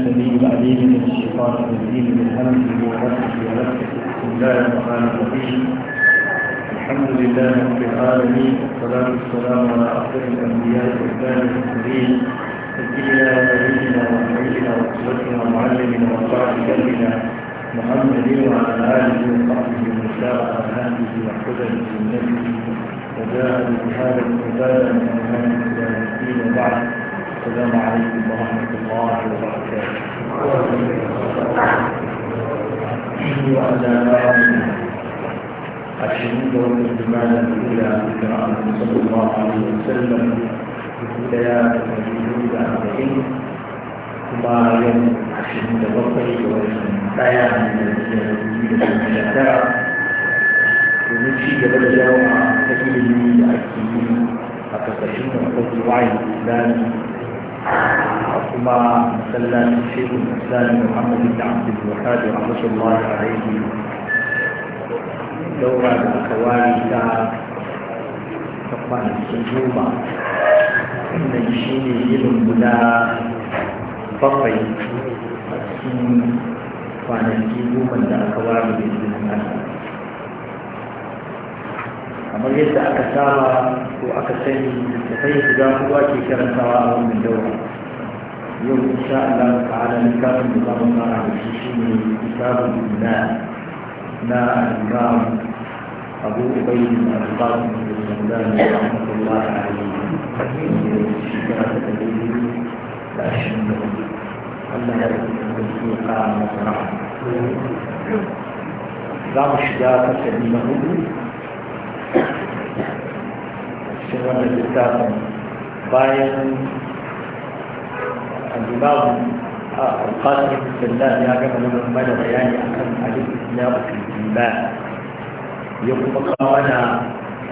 السميع العليم من الشيطان الرجيم من همزه ونفسه ونفسه بسم الله الرحمن الرحيم الحمد لله رب العالمين والصلاة والسلام على أفضل الأنبياء والإسلام المرسلين سيدنا ونبينا ونبينا وقدوتنا ومعلمنا وقائد قلبنا محمد وعلى آله وصحبه ومن سار على هذه وحده سنته وجاء بهذا الهدى من أمام الدين وبعد السلام عليكم ورحمة الله وبركاته الشهود والاستماع إلى قراءة صلى الله عليه وسلم بدايات الوجود أربعين ثم يوم الشهود البصري والبيان الذي يجب domin ci gaba da yawa ta ilimi da ake yi a الإسلامي kuma masallacin shekul islamin muhammadu da abdul wahadu rahmatullahi alaihi daura da aka wari ta ta kwanakin goma wannan shi ne yin guda bakwai a cikin kwanaki goma da aka wari da izinin kamar yadda aka saba ko aka sani da sai guda hudu ke karantawa a wannan daura yau insha Allah ta'ala littafin da za mu fara da shi shine kitabul iman na al-imam Abu Ubayd bin Al-Qasim bin Sundani rahmatullah alayhi shekara ta dalili da ashirin da hudu Allah ya rubuta shi ya kara masa rahama za mu shiga fasali na hudu cikin wannan littafin bayan alibabu a alfasar qasim ya gama nan mana bayani akan al ya al jimba ya kuma kawo na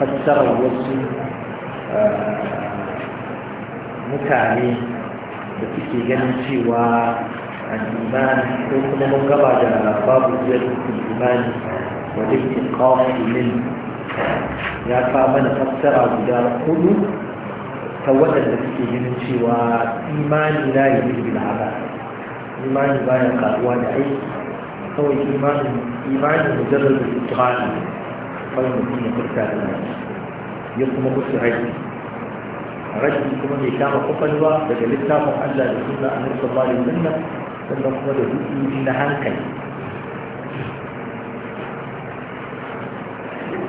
fassara wasu eh, mutane da suke ganin cewa al ko kuma mun gaba da babu jiyar imani wajen kawo min ya kawo mana fassara guda hudu ta waɗanda suke ganin cewa imani na yi bil haka imani bayan karuwa da aiki kawai imanin imani mujarrar da ikirani kawai mutum ya furta da nashi ya kuma musu haiti rashi kuma mai kama kwakwalwa daga littafin Allah da Suna, a nufin malin sannan sannan kuma da hudu na hankali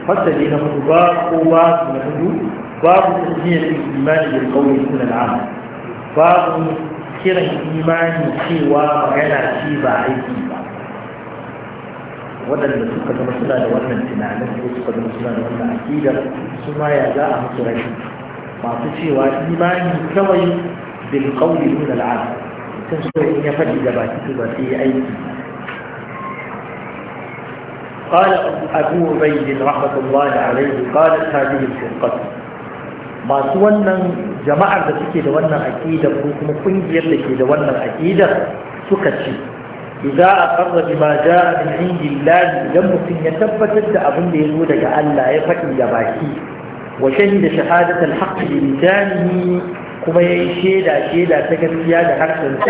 fasali na hudu ba kowa na hudu babu tasmiyar imani da kawai suna da al'am babu kiran imani cewa magana ce ba aiki ba waɗanda suka zama suna da wannan tunanin ko suka zama suna da wannan aƙidar su ma ya za a musu rashi masu cewa imani kawai bil suna da al'am mutum so in ya faɗi da baki ba sai ya aiki قال أبو عبيد رحمة الله عليه قالت هذه الفرقة ما سوانا جماعة تكيد وانا أكيدة وكما كنجية تكيد وانا أكيدة سكتشي إذا أقر بما جاء من عند الله لم يكن يثبت أظن يزود كألا يفكر يباكي وشهد شهادة الحق بلسانه كما يشهد شهادة تكفيا لحق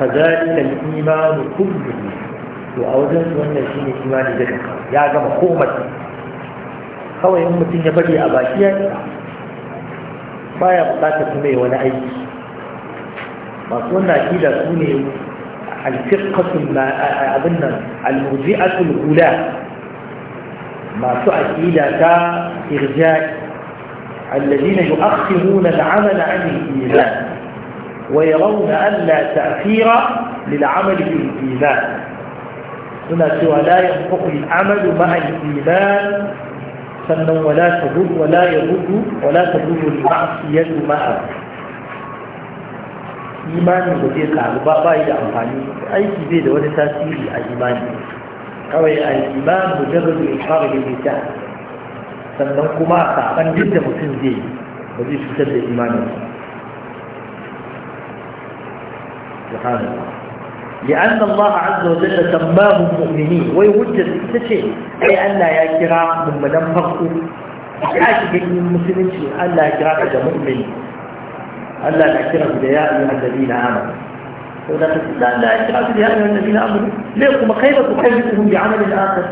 فذلك الإيمان كله to a wajen su wannan shi ne imani da ya gama komai kawai in mutum ya bari a baki ya baya bukata su mai wani aiki masu wannan akida su ne alfiqatul abin nan almurji'atul hula masu akida ta irja'i الذين يؤخرون العمل عن الإيمان ويرون أن لا تأخير للعمل في الإيمان suna cewa la yanfa'u al-amalu ma'a iman sannan wala tadur wala yahudu wala tadur al-ma'siyatu ma'a ba zai karu ba da amfani aiki bai da wani tasiri a imani kawai al-iman mujarrad al-ishar bil sannan kuma saban da mutum zai ba zai cutar da imanin subhanallah لأن الله عز وجل سماه المؤمنين ويوجد شيء أي أن يا كرام من مدام فرقه يجب أن المسلمين أن لا يكرام إذا مؤمن أن لا تكرم يا أيها الذين آمنوا ولا أن لا يكرم يا أيها الذين آمنوا ليكم كيف تكلمهم بعمل آخر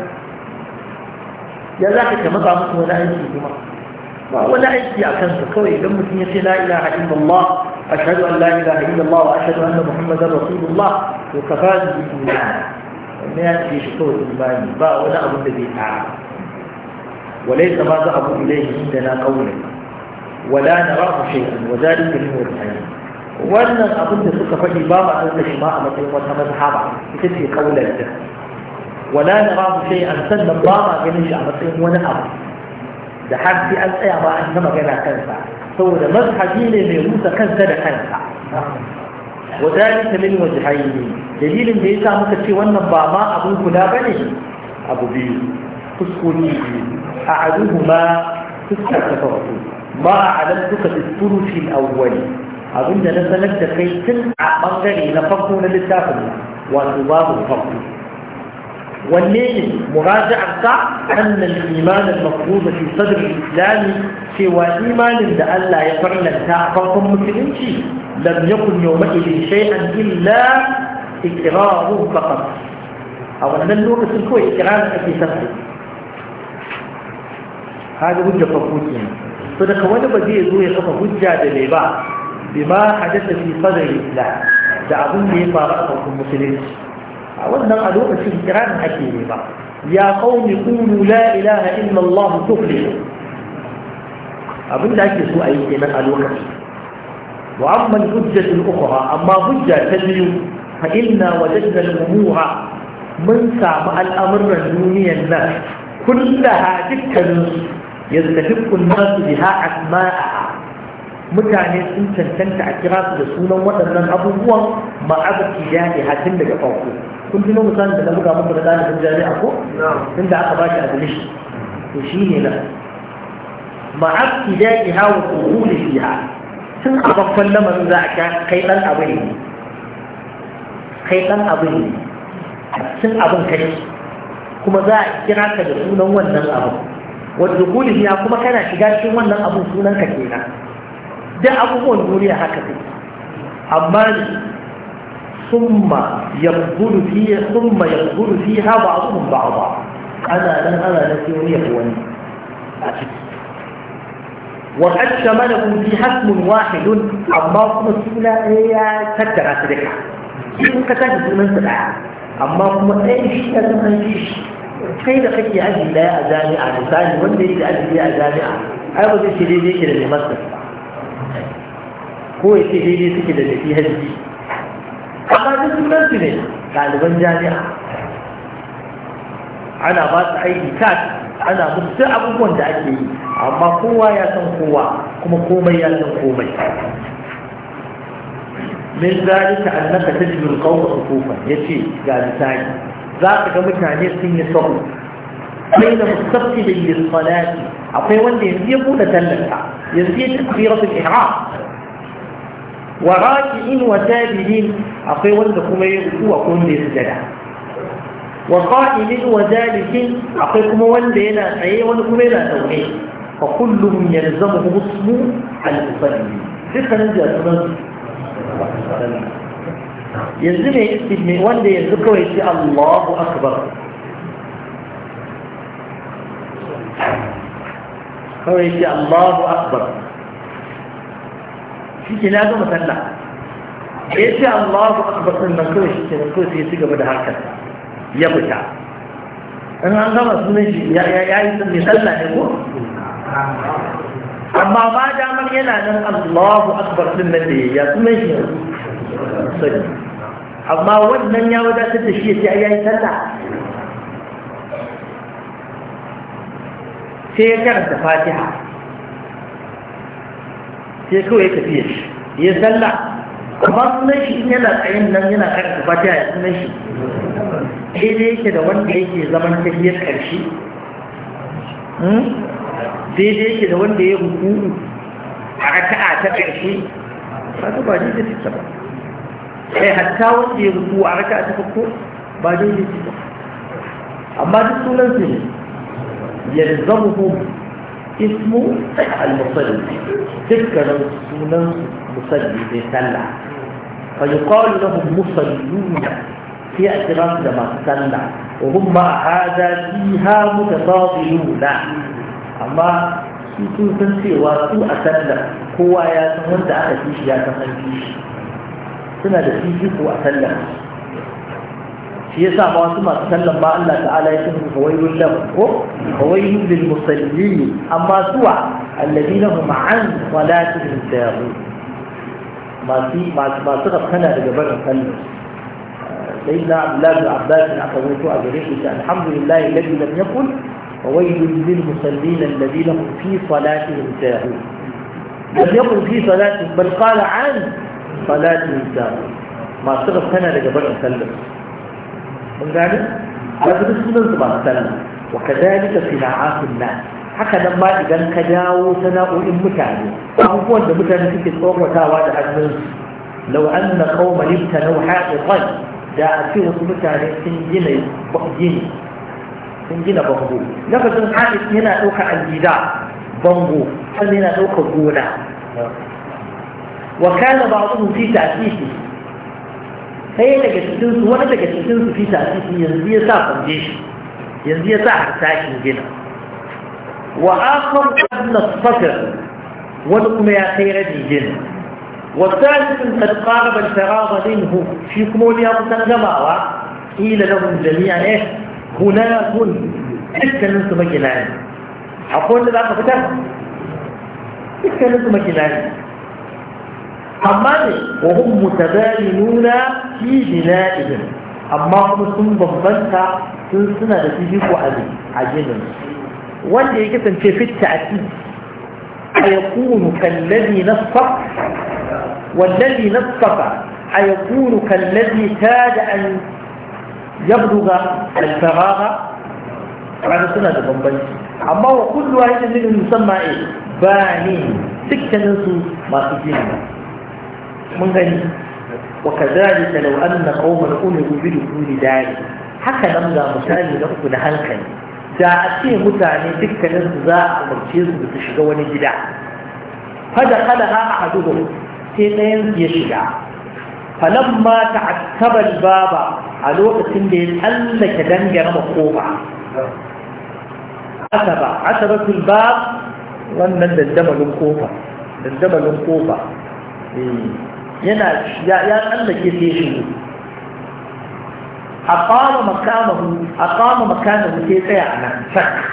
يا ذاك كما تعمل ولا يجي بما ولا يجي أكنت كوي لما تنسي لا إله إلا الله أشهد أن لا إله إلا الله وأشهد أن محمدا رسول الله وكفاز بإذن الله إنها في شطور الإيمان باء ولا أظن به وليس ما ذهب إليه عندنا قولا ولا نراه شيئا وذلك هو الحياة وأن أظن تلك فجي بابا أن شماء مطيب وثمة حابة في قولا ولا نراه شيئا سلم بابا جنيش أمطيب ونحب لحد حد في أسئة ما أنما جنا تنفع saboda mazhabi ne mai rusa kansa da kansa wa dalika min wajhayn dalilin da yasa muka ce wannan ba ma abun kula bane abu biyu kuskuri ahaduhuma fuskar ta farko ma alamtuka bi turufi al-awwali abinda na sanar da kai tun a bangare na farko na littafin wato babu farko والليل مراجعة أن الإيمان المفروض في صدر الإسلام سوى إيمان لألا ألا يفرن تعقاكم مسلمتي لم يكن يومئذ شيئا إلا إكراه فقط أو أن النور سلكوا إقرارك في سبب هذا وجه فقوتنا صدق ونبا زي زوية فقوتنا بما حدث في صدر الإسلام دعوني ما رأسكم مسلمتي عودنا قد في الكرام حكيم يا قوم قولوا لا إله إلا الله تخلص أبن لك سوء أي إيمان قد وقف وأما الحجة الأخرى أما حجة تجري فإنا وجدنا الامور من سامع الأمر الدنيا الناس كلها تكن يستحق الناس بها أسماءها mutane sun cancanta a kira su da sunan waɗannan abubuwan ma'azarci jami'i hatin daga farko kun tuno misali da na buga muku da ɗalibin jami'a ko inda aka ba shi adilishi to shi ne nan ma'azarci jami'i hawa kuhuli fiha tun a babban lamarin za a kai ɗan abu ne kai ɗan abu ne tun abin kai kuma za a kira ka da sunan wannan abu wadda kuhuli ya kuma kana shiga cikin wannan abun sunan ka kenan da abubuwan duniya haka ne amma summa yabgudu fiye summa yabgudu fiye ha ba abubuwan ba ba ana nan ana nan sai wani yabi wani a ciki wa qad shamalahu fi hasmun wahidun amma kuma suna ya tattara su duka in ka tashi sunan su daya amma kuma ɗayan shi ya zama shi kai da kake aji daya a jami'a misali wanda yake aji daya a jami'a ai ba zai ce daidai yake da mai masar ba ko ya ce daidai suke da tafi hajji amma duk sunan ne ɗaliban jami'a ana ba su aiki ta ana musu duk abubuwan da ake yi amma kowa ya san kowa kuma komai ya san komai min zalika annaka tajidu al-qawma sufufan yace ga misali za ka ga mutane sun yi sahu بين مستقبل للصلاة أقوى وندي يبون تلك يزيد تكبيرة الإحرام wa raki'in wa tabi'in akwai wanda kuma ya ruku a kuma ya sujada wa qa'imin wa jalisin akwai kuma wanda yana tsaye wani kuma yana zaune fa kullum yalzamu husmu al-musalli dukkanin jasunan yanzu ne istilmi wanda yanzu kawai ce Allahu akbar kawai ce Allahu akbar shi ke na gama sallah ya ce Allahu akbar sannan kawai shi ke kawai sai ya ci gaba da harkar ya fita in an gama sunan shi ya yi mai sallah ne ko amma ba damar yana nan Allahu akbar din nan da ya sunan shi sai amma wannan ya wadatar da shi ya ce ya yi sallah sai ya karanta fatiha sai kawai ya fiye shi ya zalla kamar sunan shi yana tsayin nan yana karanta ta ya sunan shi daidai yake da wanda yake zaman tafiyar ƙarshe daidai hmm? yake da wanda ya hukuku a a ta ƙarshe ba ta ba da fita ba sai hatta wanda ya hukuku a a ta farko ba daidai take fita amma duk sunan su ne yanzu zamu اسمه المصلي تذكر سنن مصلي بيسلع فيقال لهم مصلون في اعتراف لما سلع وهم مع هذا فيها متفاضلون أما sun san cewa su a sallar kowa ya san wanda aka fi shi ya san an fi shi suna da fifiko a sallar shi yasa ba wasu masu sallan ba Allah ta'ala ya sun kawaiyun lahum ko kawaiyun lil musallin amma suwa alladina hum an salatihim sahun masu masu masu rafkana daga barin sallan سيدنا عبد الله بن عباس أخذته أجريته الحمد لله الذي لم يكن وويل للمصلين الذين هم في صلاتهم ساهون لم يقل في صلاتهم بل قال عن صلاتهم ساهون ما صغر سنة لجبر أسلم من ذلك على سبيل السنة صلى الله عليه وكذلك صناعات الناس هكذا ما إذا كجاو سناء المتعب أعرف أن المتعب في الأخرى تاوات عن لو أن قوم ابتنوا حائط الغيب جاء في المتعب سن جني بقجيني سن جني بقجيني لقد حائط هنا أوقع الجداء بنغو هنا أوقع جونا وكان بعضهم في تأسيسه ɗaya daga cikin su wani daga cikin su fita titi yanzu ya sa kwanje shi yanzu ya sa harsashin gina wa akwai ƙasar fagar wani kuma ya kai rabin gina والثالث قد قارب الفراغ منه في كمول يوم سنجمعوا قيل لهم جميعا ايه هناك dukkaninsu makina ne akwai wanda za ka fitar dukkaninsu makina ne حماني وهم متباينون في بنائهم أما هم سن ضمنك سن سنة تجيب علي عجيبا والذي يجب في التعتيد أيكون كالذي نصف والذي نصف أيكون كالذي كاد أن يبلغ الفراغ على سنة ضمنك أما وكل كل واحد منهم يسمى إيه باني سكة نسو ما تجيبنا من وكذلك لو أن قوم الأمر بدخول داري حكى نمزى مسالي لقب نهانكن جاء أتيه متعني تلك نزاء مرشيز بتشغوني جدا فدخلها أحدهم تيمين يشجع فلما تعتبى الباب على وقت الليل أنك دنيا مقوبة عتبة عتبة الباب ومن الدم المقوبة الدم المقوبة yana ya tsallake sai shigo a kama makamahu a kama makamahu sai tsaya a nan sak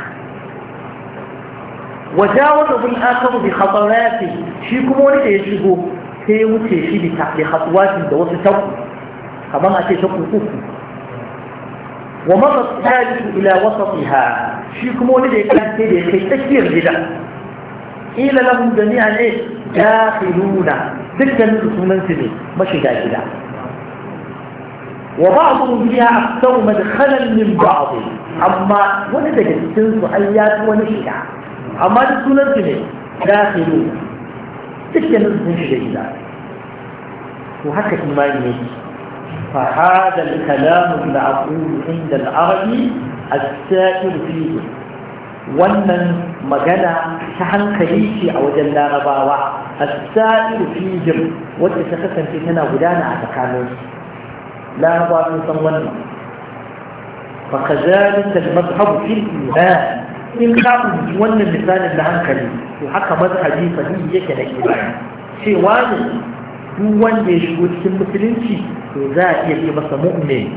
wajawa bin akamu bi khatarati shi kuma wani da ya shigo sai ya wuce shi bi tafi shi da wasu taku kamar a ce ta kuku. wa mata tsari ila wasatiha shi kuma wani da ya kai da ya kai tsakiyar gida ila lahum jami'an eh dakhiluna دكتور رسومان سبي مش جاهدا وبعضهم فيها أكثر مدخلا من بعض أما ونزل جسل سحيات ونشيع أما دكتور رسومان داخلون دكتور رسومان وهكذا ما إيه؟ كمان فهذا الكلام اللي عند العربي السائل فيه wannan magana ta hankali ce a wajen larabawa a sa'iru fijir wacce ta kasance tana gudana a tsakanin larabawa sun san wannan فكذلك المذهب في الإيمان إن كان wannan misalin da hankali to haka mazhabi fahimi yake da imani cewa ne duk wanda ya shigo cikin musulunci to za a iya yi masa mu'min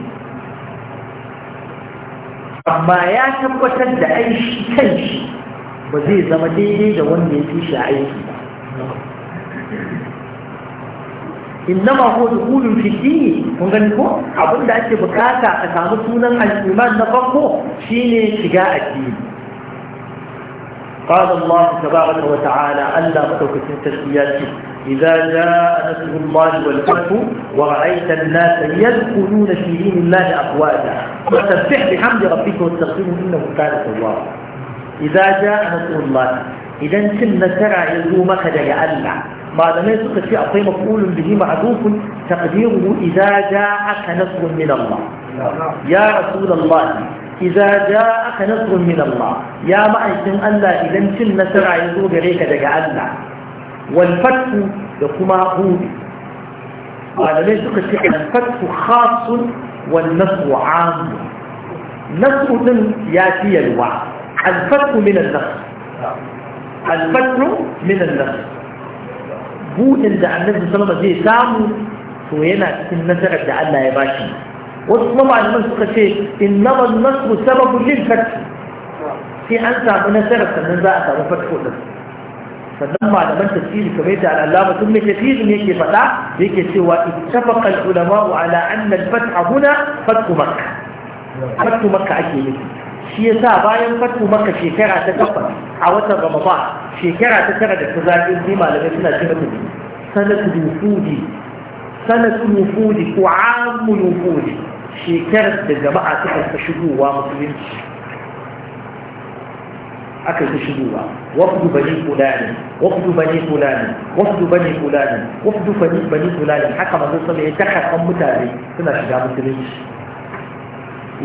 amma ya tabbatar da aishi kan shi ba zai zama daidai da wanda ya fi shi aiki ba إنما هو دخول في الدين kun gani ko abin da ake bukata a samu sunan al'iman na farko shine shiga addini قال الله تبارك وتعالى ألا متوكسين تشبيات إذا جاء نسل الله والفتح ورأيت الناس يدخلون في دين الله أقواتا فسبح بحمد ربك واستغفره إنه كان توابا إذا جاء نسل الله إذا كنا ترى يزومك دجا ألا بعد ما يسقط في أطي مفعول به معروف تقديره إذا جاءك نصر من الله يا رسول الله إذا جاءك نصر من الله يا معيشن ألا إذا كل نسرع يزور إليك دقاء الله والفتح لكما هود قال ليس تقول الفتح خاص والنصر عام نصر يأتي الوعد الفتح من النصر الفتح من النصر بوء عند النبي صلى الله عليه وسلم زي سامو سوينا yana cikin nasarar da واطلب عن نفسك شيء انما النصر سبب للفتح في انت عندنا سبب نزعت على فتح ولا فدمع لما انت تسير كميت على اللامة ثم كثير من يكي فتح يكي سوى اتفق العلماء على ان الفتح هنا فتح مكة فتح مكة اكي شيء صعب أيام فتح مكة شيء كرع تكفر عوتا رمضان شيء كرع تكرع الفزاعي الزيما لبسنا جبتي سنة الوفود سنة الوفود وعام الوفود shekarar da jama'a suka ta shigowa musulunci aka ta shigowa wafdu bani fulani wafdu bani fulani wafdu bani fulani wafdu bani bani fulani haka manzo sama ya takakan mutane suna shiga musulunci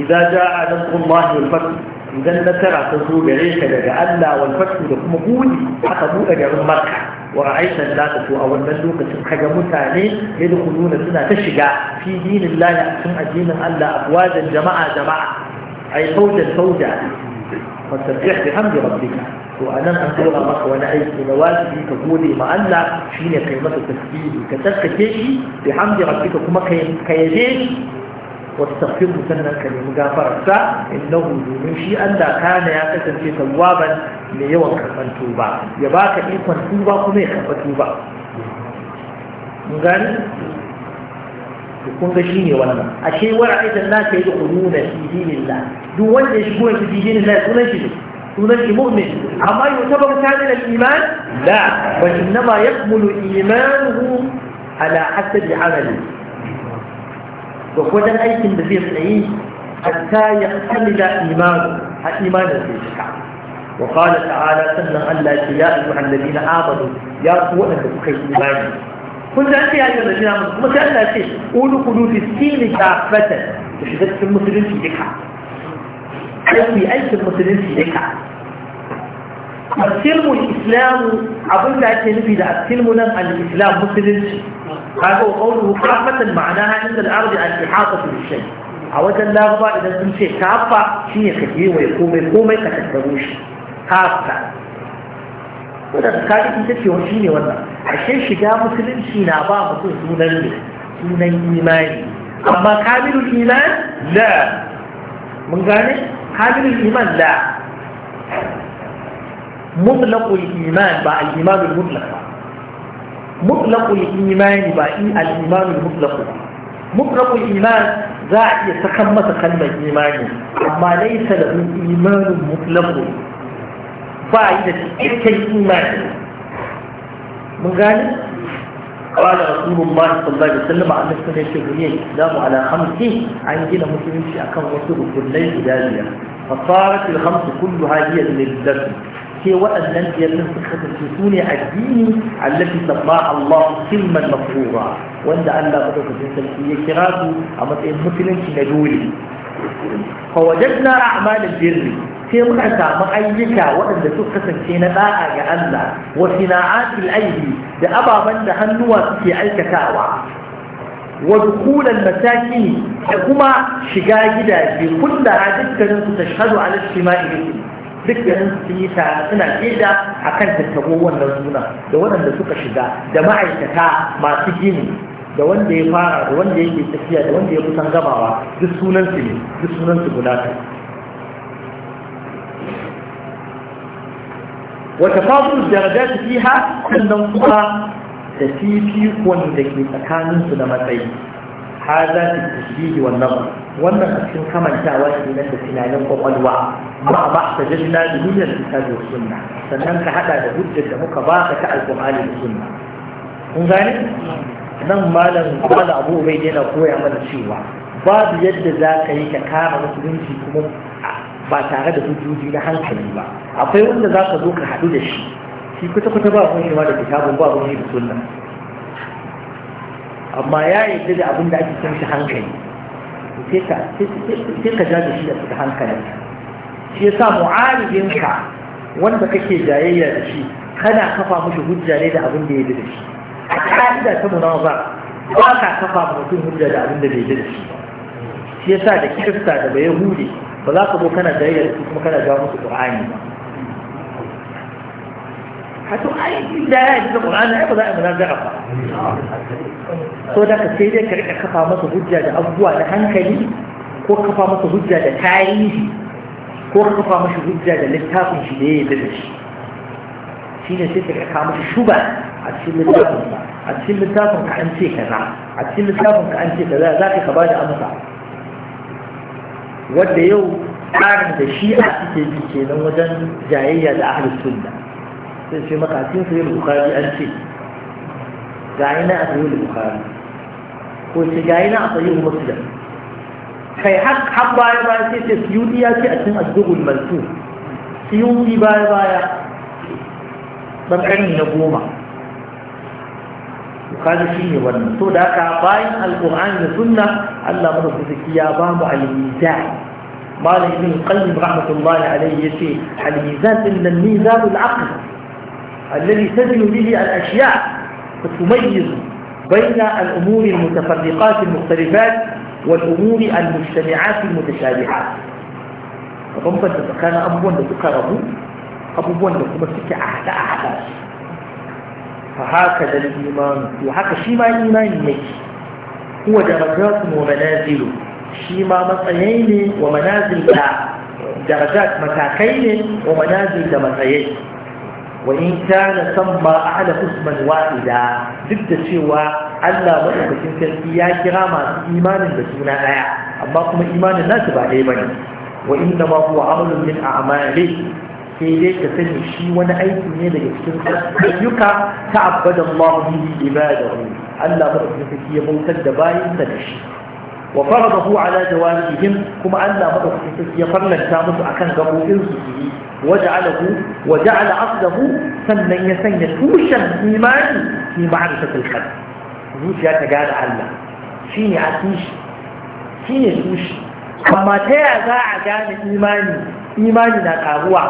idza jaa nasrullahi wal fath idan nasara ta zo gare ka daga Allah wal fath da kuma buɗe aka buɗe garin Makka wa aisha za ta so a wannan lokacin kaga mutane yadkhuluna suna ta shiga fi dinillahi a cikin addinin Allah afwajan jama'a jama'a ay fawjan fawja fasabbih bihamdi rabbika to anan an tura maka wani aiki na wajibi ka gode ma Allah shine kai masa tasbihi ka tsarkake shi bihamdi rabbika kuma ka kai yabe والتغفير مثلنا الكريم مغافرة إنه من شيء أن كان يأتي في ثوابا ليوم كفن توبا يباك إيقوان توبا كمي كفن توبا مغاني يكون تشيني ولا أشيء ورع إذا الناس يدخلون في دين الله دو وان في دين الله تنجد تنجد مؤمن أما يعتبر كامل الإيمان لا وإنما يكمل إيمانه على حسب عمله وقدن أيكم بذير أيه حتى يختلل إيمانه إيمانا في شكا وقال تعالى سنة أن لا يا الذين آمنوا يا قوة بخير إيماني كنت أنت يا أيها الذين آمنوا كما أنت لا شيء قولوا قولوا في السين كافة تشدد في المسلمين في ذكا أي أي في المسلمين في ذكا السلم الإسلام أقول لك نبي السلم لم الإسلام مسلم هذا هو قوله كافة معناها عند الأرض عن إحاطة بالشيء عودة اللغة إذا كنت شيء كافة شيء كثير ويقوم يقوم يتكبروش كافة وده كافة انت في وشيني ولا عشان شجاع مسلم شيء نابا مسلم دون دون إيماني أما كامل الإيمان لا من قاله كامل الإيمان لا مطلق الإيمان بقى الإيمان المطلق بقى مطلق الإيمان بأي الإيمان المطلق مطلق الإيمان ذا يتكمى إيه تكلم الإيمان ما ليس له إيمان مطلق بعيدة إلك الإيمان من قال قال رسول الله صلى الله عليه وسلم عن نفسه يشغلني الإسلام على خمسه عن جنة مسلمين أكبر رسول كل ليل دالية فصارت الخمس كلها هي من الدرس كي وقت لنك يتنسخد الجسوني عديني التي تطلع الله سلما مفهورة وانت عندها بدك تنسل في كراسي اما تقول مثلن كنجولي فوجدنا أعمال الجر في مرحة مأيكا وأن تسقط كينا باعا جعلنا وصناعات الأيدي لأبا من تهنوا في عيك تاوى ودخول المساكين حكما شقاء في كل عددك تشهد على الشمائل duk garin su yi tare suna tsida a kan tattabo wannan suna da waɗanda suka shiga da ma'aikata masu gini da wanda ya fara da wanda yake tafiya da wanda ya kusan gamawa duk sunan su ne duk sunan su guda ta wata fadul daraja fiha sannan kuma da fifikon da ke tsakaninsu na matsayi A zata tasiri wa nazar wannan a cikin kamantawa ne na tunanin kwakwalwa ba ba ta jinna da niyyar da sunna sannan ka haɗa da hujjar da muka ba ka ta alqur'ani da sunna kun gane nan malam malam Abu Ubaid yana koya mana cewa babu yadda za ka yi ka kama musulunci kuma ba tare da hujjoji na hankali ba akwai wanda za ka zo ka haɗu da shi shi kuta-kuta ba kun shi ma da kitabun ba kun shi da sunna amma ya yarda da abin da ake san shi hankali sai ka ka jaje shi da suka hankali. shi sa mu'alibinka wanda kake jayayya da shi kana kafa mushi hujja ne da abin da ya da shi a ka'ida ta munawa ba ka kafa mutum hujja da abin da bai da shi shi sa da kirista da bai hude ba za ka zo kana jayayya da su kuma kana jawo musu qur'ani ba هتؤيد بالله القرآن أيضا لا منازعة so da ka sai dai ka rika kafa masa hujja da abubuwa da hankali ko kafa masa hujja da tarihi ko kafa masa hujja da littafin shi da ya yi da shi shi ne sai ka rika kawo masa shuba a cikin littafin ka a cikin littafin ka an ce kaza a cikin littafin ka an ce kaza za ka ba da amsa wanda yau tsarin da shi'a suke bi kenan wajen jayayya da ahlus sunna sai ce maka cikin sahih bukhari an ce ga ina a sahih bukhari ko ce ga ina a sahih muslim kai har har baya baya sai ce suyuti ya ce a cikin addubul mansu suyuti baya baya dan karni na goma kaji shi ne wannan so da haka bayan alƙur'ani da sunna Allah madaukaki ya ba mu al-mizan malam ibn qayyim rahmatullahi alayhi yace al-mizan din nan mizanul aql الذي تزن به الأشياء فتميز بين الأمور المتفرقات المختلفات والأمور المجتمعات المتشابهات فبنبت كان أبوان لتقربوا ابو لكم سكة أحدى أحدى فهكذا الإيمان وهكذا شيما الإيمان يجي هو درجات ومنازل شيما مطعين ومنازل لا درجات متاكين ومنازل متاكين wa in kana samma ahla husman wahida duk da cewa Allah madaukakin sarki ya kira masu imanin da suna daya amma kuma imanin nasu ba ɗaya bane wa inna ma huwa amalun min a'mali sai dai ka sani shi wani aiki ne daga cikin ayyuka ta'abbada Allah bihi ibadahu Allah madaukakin sarki ya bautar da bayinsa da shi wa faradahu ala bikin? kuma Allah madaukakin sarki ya farlanta musu akan gabobin su وجعله وجعل عقله سنن يسن يتوشا إيمان في معرفة الخلق zuciya ta gada Allah shi a tushi shi tushi amma ta yaya za a gane imani imani na karuwa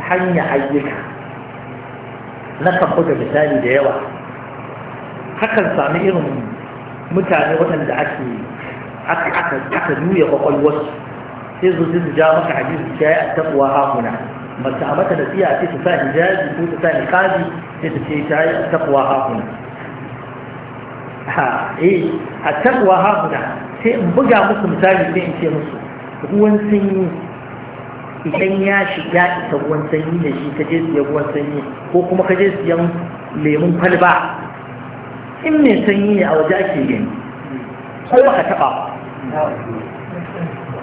ta hanyar ayyuka na kan buga misali da yawa hakan sami irin mutane waɗanda ake aka aka juya kwakwalwarsu sai ja maka ya yi a taɓuwa mace a mata tsiya ce ta sa hijabi ko ta sa niqabi sai ta ce ta yi takwa hakuna ha eh a takwa hakuna sai in buga musu misali sai in ce musu ruwan sanyi idan ya shiga ita ruwan sanyi da shi ka je siyan ruwan sanyi ko kuma ka je siyan lemun kwalba in mai sanyi ne a waje ake gani ko baka taba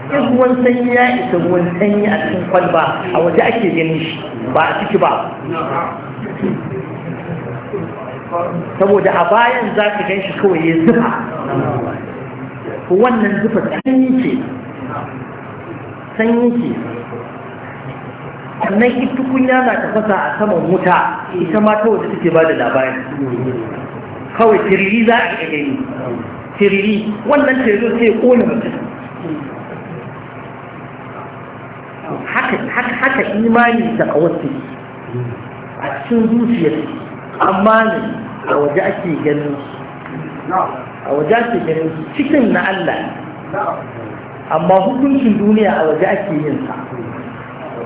in ruwan sanyi ya isa ruwan sanyi a cikin kwalba a waje ake ganin shi ba a ciki ba saboda a bayan za ka gan shi kawai ya zufa wannan zufa sanyi ce sanyi ce sannan ita kunya na tafasa a saman wuta ita ma ta waje take ba da labari kawai tiriri za a iya gani tiriri wannan tiriri sai kone mutum haka imani da kawarsu a cikin zuciyar amma ne a waje ake ganin a waje ake ganin cikin na Allah amma hukuncin duniya a waje ake yin sa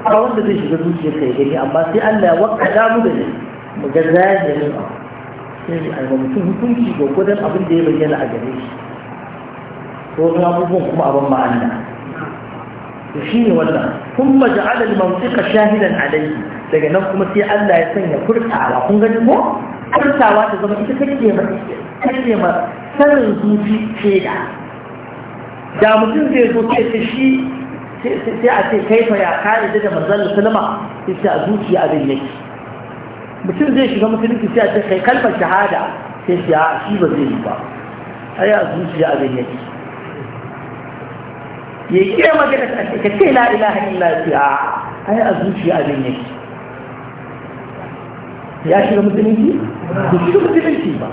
ba wanda zai shiga zuciyar ka gani amma sai Allah ya da mu da mu ga zahirin sai a mutum hukunci gwagwadon abin da ya bayyana a gare shi ko abubuwan kuma abin ma'ana to shi ne wannan kun maji alal mantika shahidan alaihi daga nan kuma sai Allah ya sanya furtawa kun gani ko furtawa ta zama ita kake ma kake ma sanin zuci shaida da mutum zai zo ce ce shi sai a ce kai fa ya kare da da manzon sallama sai ce a zuciya abin yake mutum zai shiga musulunci sai a ce kai kalmar shahada sai ce a shi ba zai yi ba ai a zuciya abin yake ya yi iya magana ka ce la ilaha illa ce a ai a zuciya abin yake ya shiga musulunci ba shiga musulunci ba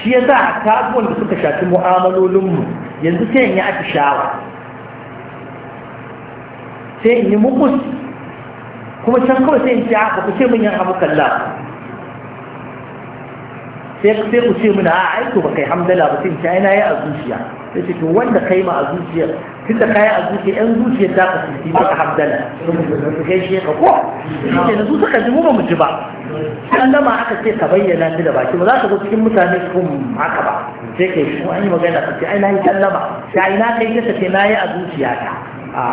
shi ya za sa kasuwan da suka shafi mu'amalolinmu yanzu sai in yi atishawa sai in yi mukus kuma can kawai sai in ci haka ku ce min yin abu kalla sai ku ce min a aiko ba kai hamdala ba sai in ce ai na yi a zuciya ya ce to wanda kai ma a zuciya tun da kayi a zuciya yan zuciya za ka su yi maka hamdala su kai shi ka ko shi ne su suka ji mu ba ji ba an gama aka ce ka bayyana shi da baki ba za ka zo cikin mutane kun haka ba sai kai shi an yi magana ka ce ai na yi sallama da ina kai ta ce na yi a zuciya ta a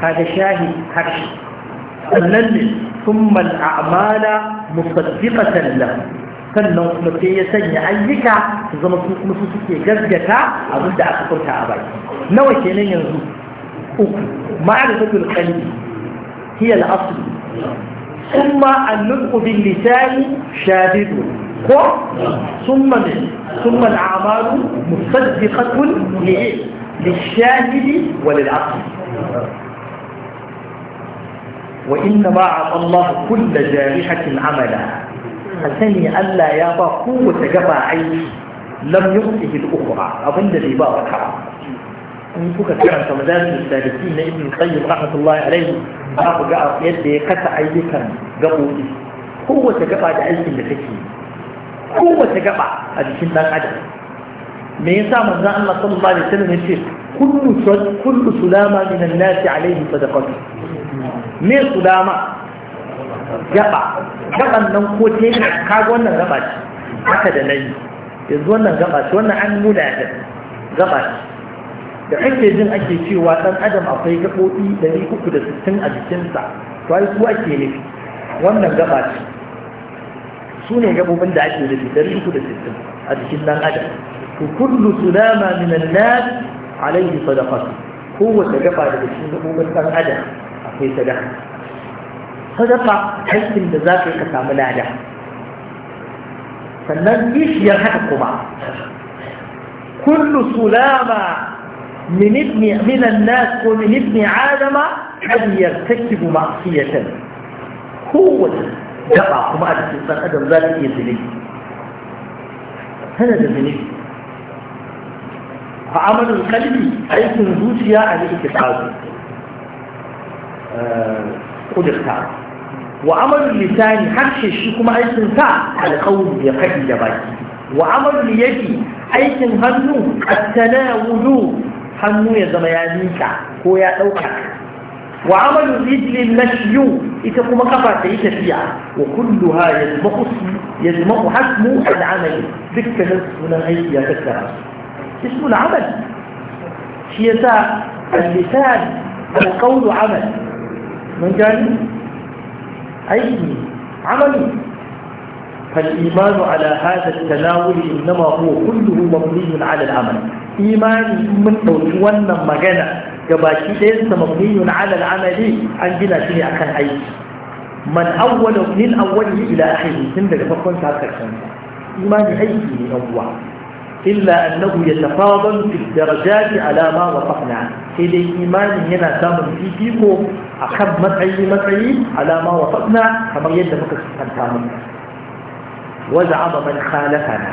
kaga shahi harshe sannan ne sun mal'amala musaddiqatan lahu sannan kuma sai ya sanya ayyuka su zama su kuma su suke gaskata abin da aka furta a baki nawa kenan yanzu uku ma'arifatul qalbi hiya al-asl thumma an-nutqu bil lisani shadidun ko thumma thumma al-a'malu musaddiqatun li للشاهد وللعقل وإنما أعطى الله كل جارحة عملا ka sani Allah ya ba kowace gaba aiki lam yusihi al-ukhra abinda bai ba wata ba in kuka karanta majalisun sadiki na ibn qayyim rahmatullahi alaihi za ku ga yadda ya kasa ayyukan gabobi kowace gaba da aikin da take kowace gaba a jikin dan adam me yasa manzo Allah sallallahu alaihi wasallam ya ce kullu kullu sulama min an-nas alaihi sadaqatu me sulama gaba gaban nan ko ta yi kaga wannan gaba ce haka da nayi yanzu wannan gaba ce wannan an nuna da gaba ce da ake jin ake cewa ɗan adam akwai gaɓoɓi ɗari uku da sittin a jikinsa to ai su ake nufi wannan gaba ce su ne gaɓoɓin da ake nufi ɗari uku da sittin a jikin ɗan adam ku kullu sulama minan nas alaihi sadaqatu kowace gaba daga cikin gaɓoɓin ɗan adam akwai sadaka صدقة حس بذاك كتعملها لها فالناس ليش يرحبك بعض كل سلامة من ابن من الناس ومن ابن عالم أن يرتكب معصية هو جرع وما أدفن أدم ذلك يزلي هذا الزلي فعمل القلب حيث نزوجها عليك الحاجة قد اختار وعمل اللسان حرش الشيكم أيسن على القول يقعد بيتي وعمل اليد أيسن هنو التناول هنو يزم يانيكا هو يأوكك وعمل المشيو المشي إتكم قفا تيتفيع وكلها يزمق يزمق حسم العمل بك هنا أي يتكرر اسم العمل شيء اللسان القول عمل من جانب أيه عملي فالإيمان على هذا التناول إنما هو كله مبني على العمل إيماني من توتوانا مجانا جباكي ليس مبني على العمل عندنا شيء أكن أي من أول من أوله إلى آخره من ذلك فقط إيمان إيماني أيه أول إلا أنه يتفاضل في الدرجات على ما وصفنا عنه إلى إيمان هنا تامن في فيكو أحب مدعي مدعي على ما وصفنا كما يدفق أن تامن وزعم من خالفنا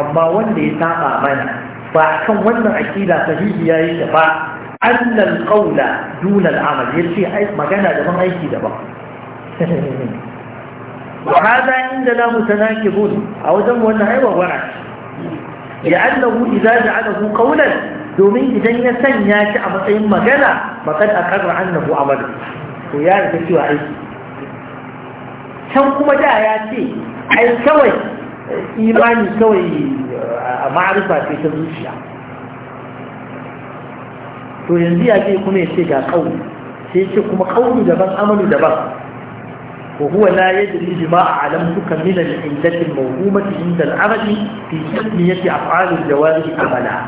أما ولي تاقى من فأحكم ولا عكيدة فهيه يا يشفى أن القول دون العمل يلشي أي مكان هذا من أي كده بقى وهذا عندنا متناكبون أو دم ونعي وغرش لأنه إذا جعله قولا domin idan ya sanya shi a matsayin magana faƙad a ƙarra annahu amadu to ya rika cewa aiki can kuma da ya ce ai kawai imani kawai a ma'arifa ce ta zuciya to yanzu ya ce kuma ya ce ga ƙauni sai ce kuma ƙauni daban amalu daban وهو لا يدري بما أعلمتك من العلة الموهومة عند العرب في تسمية أفعال الجوارح عملا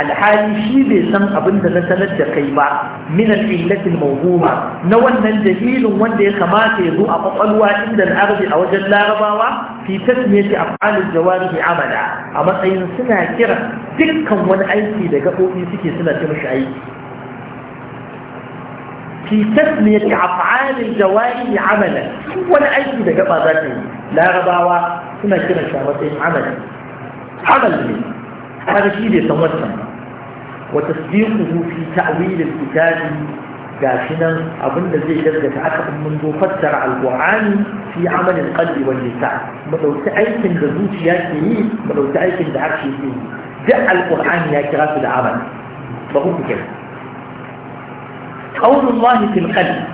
الحالي شي بي سن أبن دا نسلت كيبا من العلة الموهومة نوانا جهيل وان دي خمات يضوء فطلوا عند العرب أو جل رباوة في تسمية أفعال الجوارح عملا أما سينسنا كرا تلك وان أيكي لقبوا في سكي سنة مش أيكي في تسمية أفعال الجوارح عملا ولا أي شيء بقى ذاته لا غباوة كما كنا شاوتين عملا عمل هذا شيء يتوسم وتصديقه في تأويل الكتاب كاشنا أظن الذي جزء أكثر منذ فتر على القرآن في عمل القلب واللسان ولو تأيت لزوج ياكيه ولو تأيت لعرش ياكيه جاء القرآن يا كراس العمل بقول كده قول الله في القلب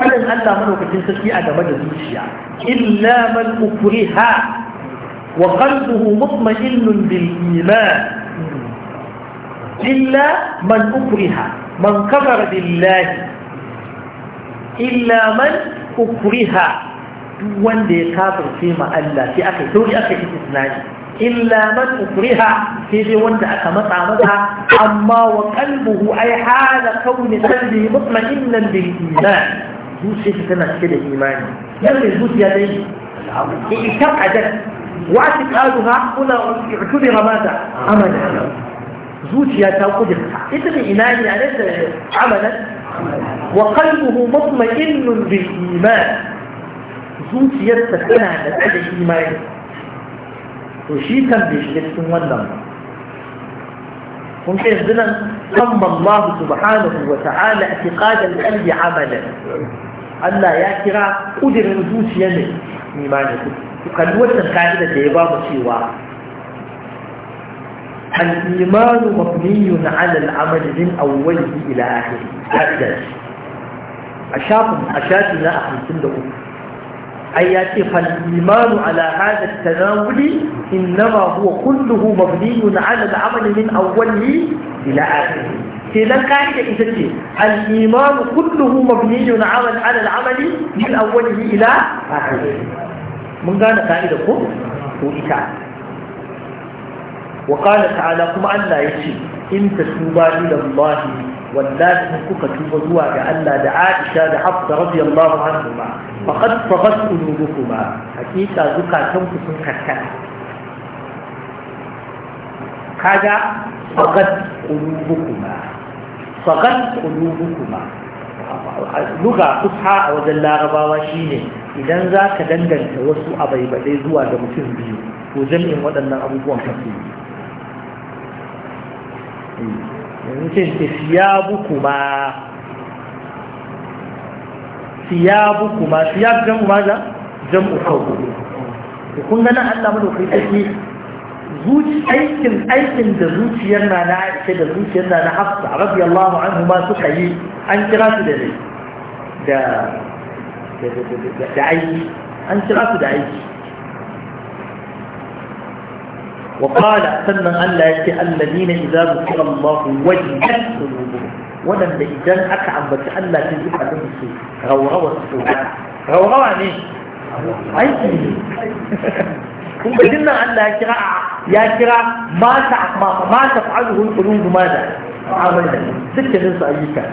فلن ألا منه كتن تسكي أدمج الزوشية إلا من أكره وقلبه مطمئن بالإيمان إلا من أكره من كفر بالله إلا من أكره وان دي كافر فيما ألا في أخي سوري أخي في إثناني إلا من أكره سيدي وانت أكمتع مدها أما وقلبه أي حال كون قلبه مطمئنا بالإيمان يوسف تنا كده إيمان يلي الزوج يدي إيشاب كم عدد واعتقادها هنا اعتبر ماذا؟ أملا زوجيا تقدرها إذن إيمان يعني عملا وقلبه مطمئن بالإيمان زوجيا تتنا لأجل إيمان تشيكاً بشكتكم والنمر ثم يجبنا قم الله سبحانه وتعالى اعتقاد القلب عملا ألا يأكرا قدر نجوش يمي ميمانكم وقال وثن قاعدة جيبام شيوا الإيمان مبني على العمل من أوله إلى آخره هكذا أشاكم أشاكم لا أحمسن لكم أي يتفى الإيمان على هذا التناول إنما هو كله مبني على العمل من أوله إلى آخره sidan ka'ida ita ce al’imamu kulluhu mabniyu na amal ala al’amali min awwali ila akhiri mun gane ka'ida ko ko ita wa qala ta'ala kuma Allah yace in tasuba lillahi wallahi in kuka tuba zuwa ga Allah da Aisha da Hafsa radiyallahu anhuma faqad faqat qulubukuma hakika zukatan ku sun karkata kaga faqad qulubukuma faqad qulubukuma luga fusha a wajen larabawa shine idan za ka danganta wasu abaibadai zuwa ga mutum biyu ko jami'in waɗannan abubuwan kafin mutum ke siyabu kuma siyabu kuma siyabu jam'u ma za jam'u kawo da kun gana Allah mu dokai take aikin aikin da zuciyar na na da zuciyar na na hafsa radiyallahu anhu ma suka yi an kira su da da aiki an kira su da aiki وقال سنن ألا يشتي الذين إذا ذكر الله وجهت قلوبهم ولم يجدن أكعب عم بس ألا تنزل عليهم السوء غوغوة السوء غوغوة يعني أيدي اي شيء dinnan Allah ya kira ya kira ma ta ma ta fa'aluhu qulub mada amal اي dukkanin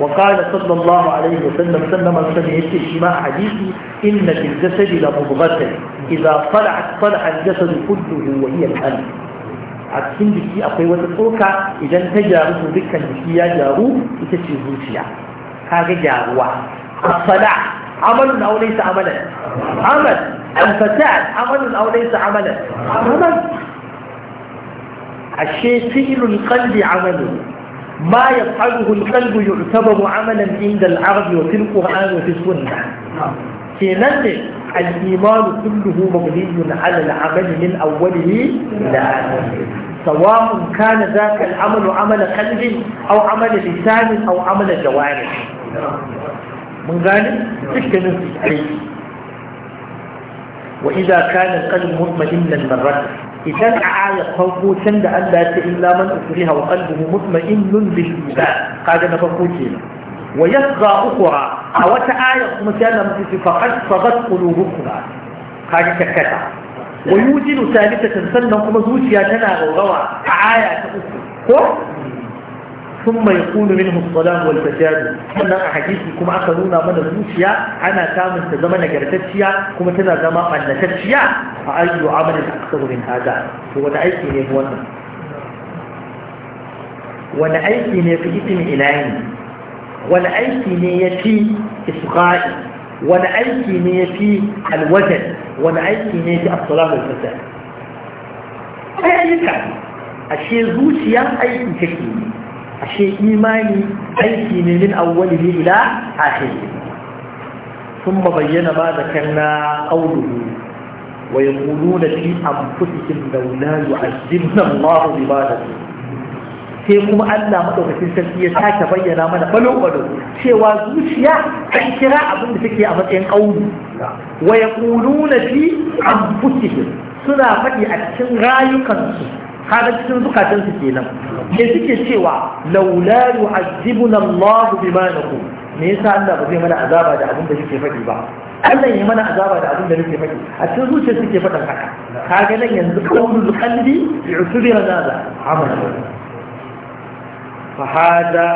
وقال صلى الله عليه وسلم سلم سلم الاجتماع حديثي إن في الجسد لمضغة إذا طلعت طلع الجسد كله وهي الحل. عكسين بكي أقوى تطوكا إذا انت جاروه بكي جاروه بتشي الزوشية هاك جاروه الصلاة عمل أو ليس عملا عمل الفتاة عمل أو ليس عملا عمل الشيء فعل القلب عمله ما يفعله القلب يعتبر عملا عند العرب وفي القرآن وفي السنة في نفس الإيمان كله مبني على العمل من أوله إلى آخره سواء كان ذاك العمل عمل قلب أو عمل لسان أو عمل جوارح من قال تشكل عليه وإذا كان القلب مطمئنا مرة إذن آية خوفو سند ألا إلا من أكره وقلبه مطمئن بالإيمان قال نفقو كينا ويسغى أخرى أو تآية مثلا فقد صغت قلوبكما أخرى قال كذا ويوجد ثالثة سنة كما زوجيا تنا غوغوا آية أخرى ثم يكون منه الصلاه والفساد انا احاديثكم اكلونا من الزوشيا انا كامل تزمن جرتشيا كما تنا زما فنتشيا اي عمل اكثر من هذا هو دعيتي من هو وانا من ني في جيتي من الهي وانا ايتي اسقائي وانا ايتي ني الوزن وانا من ني الصلاه والفساد اي ايتي الشيء زوشيا أي تكيني ashe imani aiki ne min awwalihi ila akhir ثم بين ما ذكرنا قوله ويقولون في أنفسهم لولا يعذبنا الله ببادته sai kuma Allah madaukakin sarki ya sake bayyana mana balo balo cewa zuciya an kira abin da take a matsayin kauli wa yaquluna fi anfusihim suna faɗi a cikin rayukansu kaga cikin zukatan su kenan me suke cewa laula yu'azzibuna bi bima naqul me yasa Allah ba zai mana azaba da abin da yake faɗi ba Allah ya mana azaba da abin da yake faɗi a cikin zuciyar suke faɗin haka kaga nan yanzu qawlul qalbi yu'tibira nada amala fa hada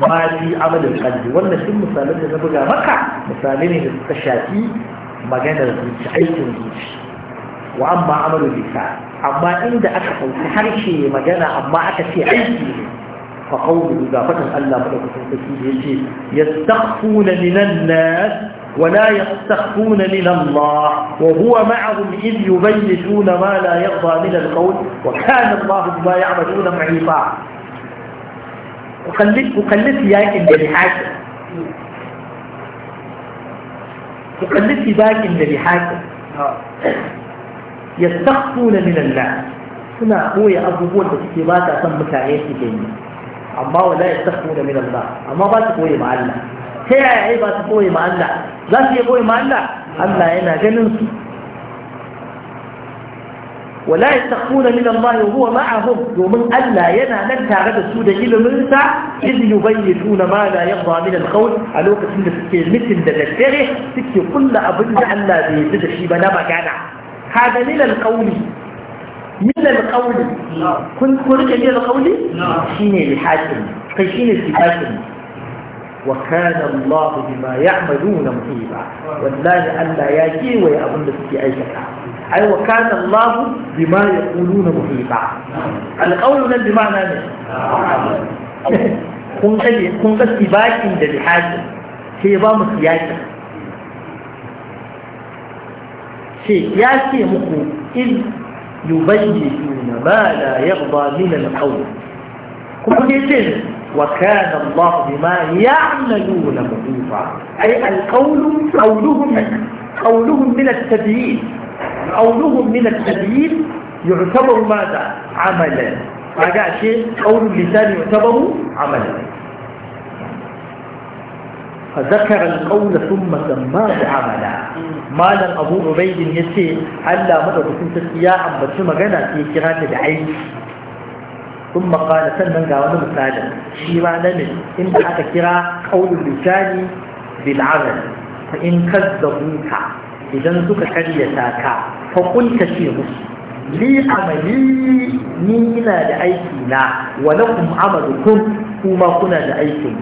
ma fi amalin kalbi wannan shi misalin da na buga maka misalai ne da suka shafi maganar zuci aikin zuci واما عمل اللسان اما عند اكثر حرشي مجانا اما اكثر حرشي فقول إضافة الله ملكة يستخفون من الناس ولا يستخفون من الله وهو معهم إذ يبيتون ما لا يرضى من القول وكان الله بما يعبدون معيطا وقلت ياك بلحاجة وقلت باك بلحاجة yastakhfuna min Allah suna koya abubuwan da suke ba ta son mutane su gani amma wala yastakhfuna min Allah amma ba su koya ma Allah ta yaya ba su koya ma Allah za su yi koya ma Allah Allah yana ganin su da su da الله وهو معهم ومن ألا ينا ننتع غدا السود إلى a lokacin da suke لا da من suke kulla وقت da Allah bai كل da shi ba na magana. هذا من القول من القول كنت كنت من القول شيني لحاكم طيب شيني لحاكم وكان الله بما يعملون مصيبا والله ألا ياجي ويأظن في أي شكا أي وكان الله بما يقولون مصيبا القول من بمعنى كنت كنت سباكين لحاكم هي بام سياسة سياسي مقبول إذ يبجس ما لا يرضى من الحول كبجسل وكان الله بما يعملون مضيفا أي القول قولهم قولهم من التبيين قولهم من التبيين يعتبر ماذا عملا هذا شيء قول اللسان يعتبر عملا فذكر القول ثم سماه عملا مالن ابو عبيد يسي هل مدركين تسكيا ام بتي مغنا في كرات العين ثم قال سنن ga wani misali shi ma nane inda aka kira qaulul lisani bil amal fa in kazzabuka idan suka karya ta ka fa kunta shi li amali ni ina da aiki na wa lakum amalukum kuma kuna da aikin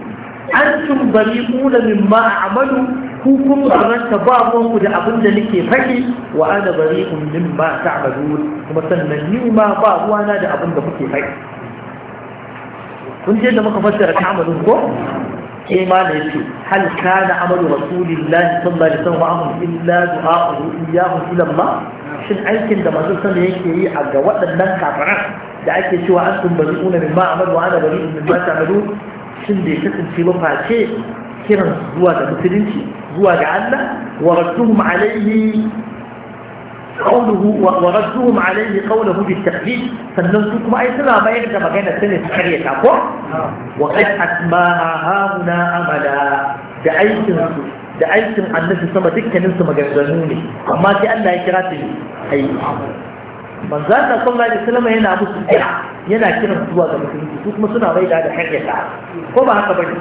antum bari'una mimma a'malu ku kun baranta ba ku da abin da nake faɗi wa ana bari'un mimma ta'malun kuma sannan ni ma ba ruwana da abin da muke faɗi kun je da muka fassara ta'malun ko sai ma da yake hal kana amalu rasulillahi sallallahu alaihi wasallam illa du'a'u iyyahu ila Allah shin aikin da manzon sallallahu yake yi a ga waɗannan kafiran da ake cewa antum ma mimma a'malu wa ana ma ta ta'malun shin bai kasance ba face kiran zuwa ga musulunci zuwa ga Allah wa radduhum alaihi qawluhu wa radduhum alaihi qawluhu bi tahdid sannan su kuma ai suna bayar da magana sune su kare ta ko wa qad asmaha hauna amala da aikin su da aikin annabi sama dukkanin su maganganu ne amma sai Allah ya kira su ai manzo Allah sallallahu alaihi wasallam yana musu kira yana kiran zuwa ga musulunci su kuma suna bai da hanyar ta ko ba haka bane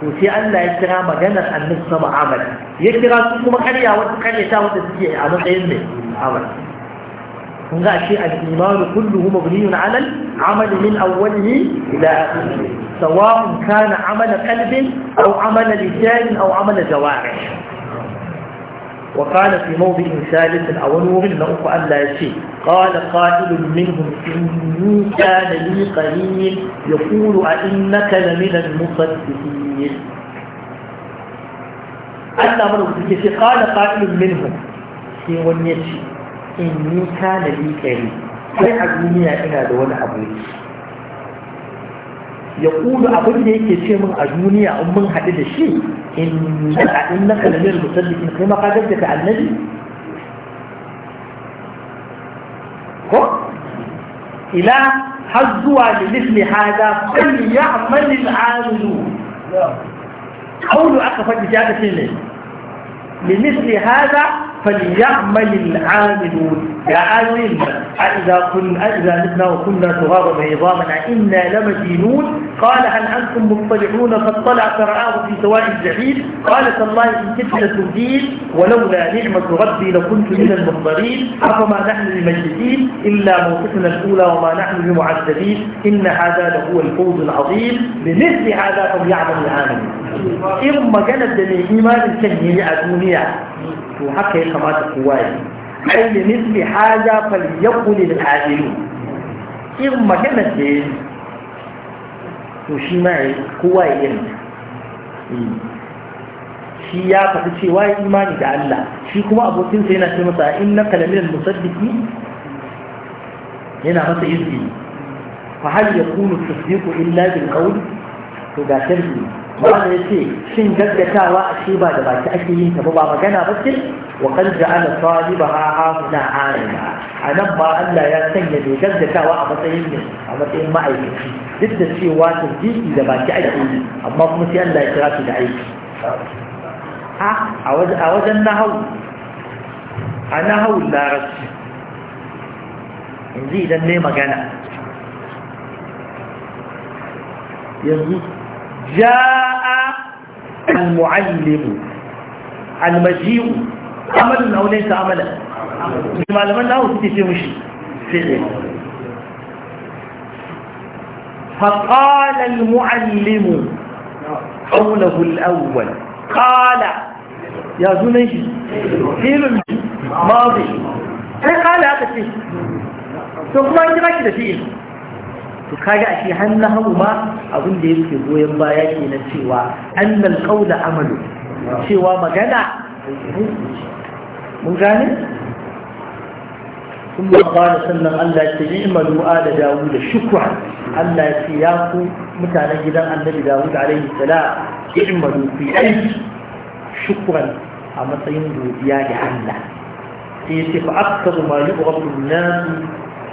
to sai Allah ya kira maganar annabi sama amal ya kira su kuma karya wata karyata wanda suke a matsayin mai amal kun ga shi al-iman kulluhu mabniyun ala al-amal min awwalihi ila akhirih sawa'un kana amal qalbin aw amal lisan aw amal jawarih وقال في موضع ثالث الأول وغنى أخو أن لا يشيء قال قائل منهم إني كان لي قليل يقول أئنك لمن المصدقين أنا مرضي قال قائل منهم سيون يشي إني كان لي كريم. أي أبوني أنا دون أبوني يقول أبو لي كيف من أجوني أم من حديد الشيء إن إنك لمن المصدقين كما قالت لك على النبي ko ila har zuwa da misli hada kulli ya'mal al-amilu qawlu aka faɗi ta ce ne li misli hada فليعمل العاملون يا عامل أئذا كنا أئذا متنا وكنا ترابا عظاما أئنا لمدينون قال هل أنتم مطلعون فاطلع فرعاه في سواء الجحيم قال تالله إن كنت لتبدين ولولا نعمة ربي لكنت من المحضرين أفما نحن بمجلسين إلا موقفنا الأولى وما نحن بمعذبين إن هذا لهو الفوز العظيم لمثل هذا فليعمل العاملون إرم دنيا إيمان الكنيه الدنيا to haka ya kamata kowa yi ai da misli haza fal yaqul al ajilu in magana ce to shi ma kowa ya yi shi ya faɗi cewa ya imani da Allah shi kuma abokinsa yana ce masa inna kalamin musaddiki yana masa izini fa hal yakunu tasdiqu illa bil qawl to ga sharhi wanda ya ce shin gaggatawa a shi ba da baki ake yin ta ba magana ba ce wa kan ja'ala sahiba ha ha huna alima a nan ba Allah ya sanya mai gaggatawa a matsayin ne a matsayin ma'aikaci duk da cewa tasdiki da baki ake yi amma kuma sai Allah ya kira shi da aiki a wajen nahau a nahau larabci yanzu idan ne magana yanzu جاء المعلم المجيء عمل أو ليس عملا معلما له تتمشي فعل فقال المعلم قوله الأول قال يا زني فين ماضي قال هذا الشيء ثم ما كده أن to kaga ashe har na hagu ma abin da yake goyon baya kenan cewa annal qawla amalu cewa magana mun gane kuma qala sannan Allah ya yi malu Dawud Allah ya ce ya ku mutanen gidan Annabi Dawud alaihi salam i'malu fi aiki shukran a matsayin godiya ga Allah sai ya ce fa aktaru ma yu'rabu an-nas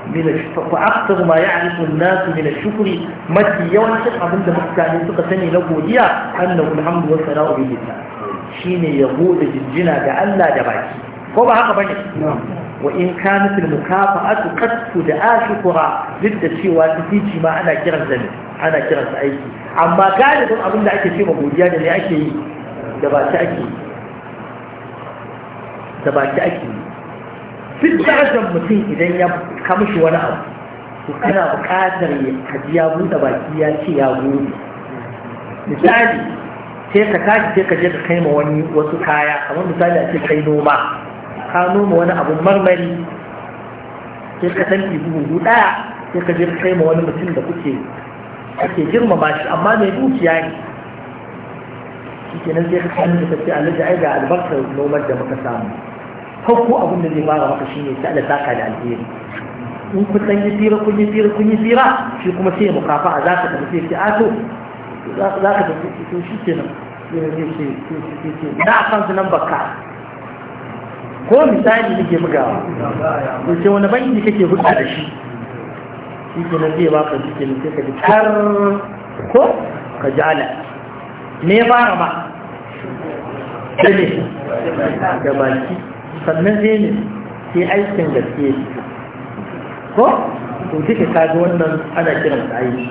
من فأكثر ما يعرف الناس من الشكر متي يوم شك عبد مكان سوق سني له وديا أنه الحمد والثناء به الله شيني يقول الجنة بألا دباكي هو بحق بني وإن كانت المكافأة قد تدعى شكرا ضد الشيء وتفيجي ما أنا كرا زمن أنا كرا سأيكي أما قالت أظن أكي شيء مبوديا لأكي دباكي أكي دباكي أكي duk darajar mutum idan ya kamshi wani abu to kana buƙatar kaji ya buɗe baki ya ce ya gode misali sai ka tashi sai ka je ka kai ma wani wasu kaya kamar misali a ce kai noma ka noma wani abu marmari sai ka san ki buhu ɗaya sai ka je ka kai ma wani mutum da kuke ake girmama shi amma mai dukiya ne shi kenan sai ka kai da tafi alaji ai ga albarkar noman da muka samu farko abin da zai fara maka shine sai Allah saka da alheri in kun san yi fira kun yi fira kun yi fira shi kuma sai ya mukafa a zaka tafi sai ce a to zaka tafi to shi kenan na akan su nan baka ko misali nake bugawa to sai wani banki kake hudda da shi shi kenan zai baka shi kenan sai ka ji kar ko ka ji ala me ya fara ma da ne da baki sannan sai ne sai aikin gaske ko to duka kaji wannan ana kiran sa aiki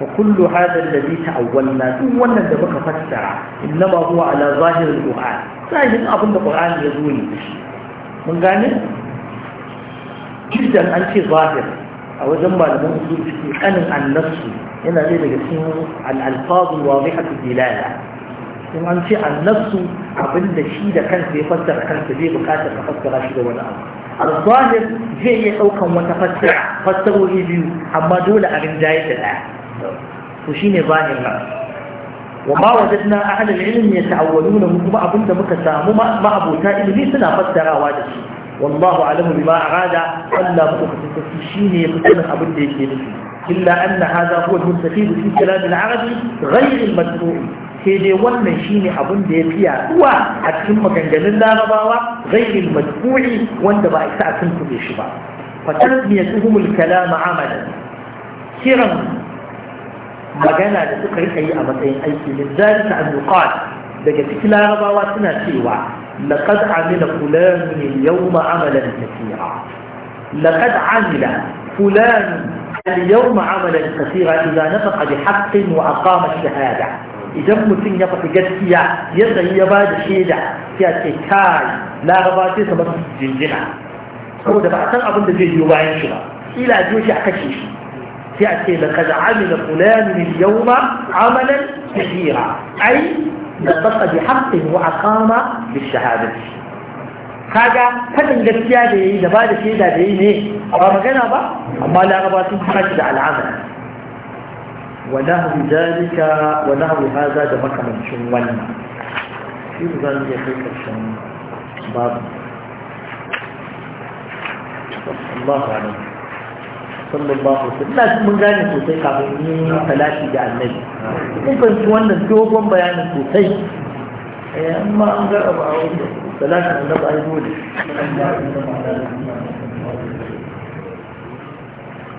wa kullu hadha alladhi ta'awwalna duk wannan da muka fassara innama huwa ala zahir quran zahirin abin da qur'ani ya zo ne mun gane jiddan an ce zahir a wajen malaman usul kanin annasu yana ɗaya daga cikin al-alfaz wadihatu dilala in an ce annafsu abin da shi da kansa ya fassara kansa zai bukatar ka fassara shi da wani abu al-zahir zai iya daukan wata fassara fassarori biyu amma dole a rinjaye da daya to shine zahir na وما وجدنا أهل العلم يتعولونه كما أبن مكسام ما أبوتا إبليس لا فسر وادش والله أعلم بما أراد ألا مؤخذ تشيني يقتنى أبن ديكي إلا أن هذا هو المستفيد في كلام العربي غير المدفوع sai dai wannan shine abin da ya fi yaduwa a cikin maganganun larabawa ghairil madfu'i wanda ba isa a tuntube shi ba fa tasmiyatuhum al-kalam amalan kiran magana da suka rika yi a matsayin aiki min zalika an yuqal daga cikin larabawa suna cewa laqad amila fulan al-yawma amalan kathira laqad amila fulan اليوم عملا كثيرا إذا نطق بحق وأقام الشهادة idan mutum ya faɗi gaskiya ya tsayi ya ba da shaida sai a ce kai laraba sai su masa jinjina saboda ba a san abin da zai biyo bayan shi ba kila a shi a kashe shi sai a ce Amina amila fulanun al-yawma amalan kathira ai dabbaqa bi haqqihi wa aqama bi shahadati kaga fadin gaskiya da yayi da ba da shaida da yayi ne ba magana ba amma laraba sun fara da al'amari wa nahwi dalika wa nahwi da makamancin wannan shi za mu iya karshen babu Allah alim sallallahu alaihi wasallam mun gane sosai kafin ni salati da annabi mun fahimci wannan dogon bayanin sosai eh, amma an ga abu a wani salati annabi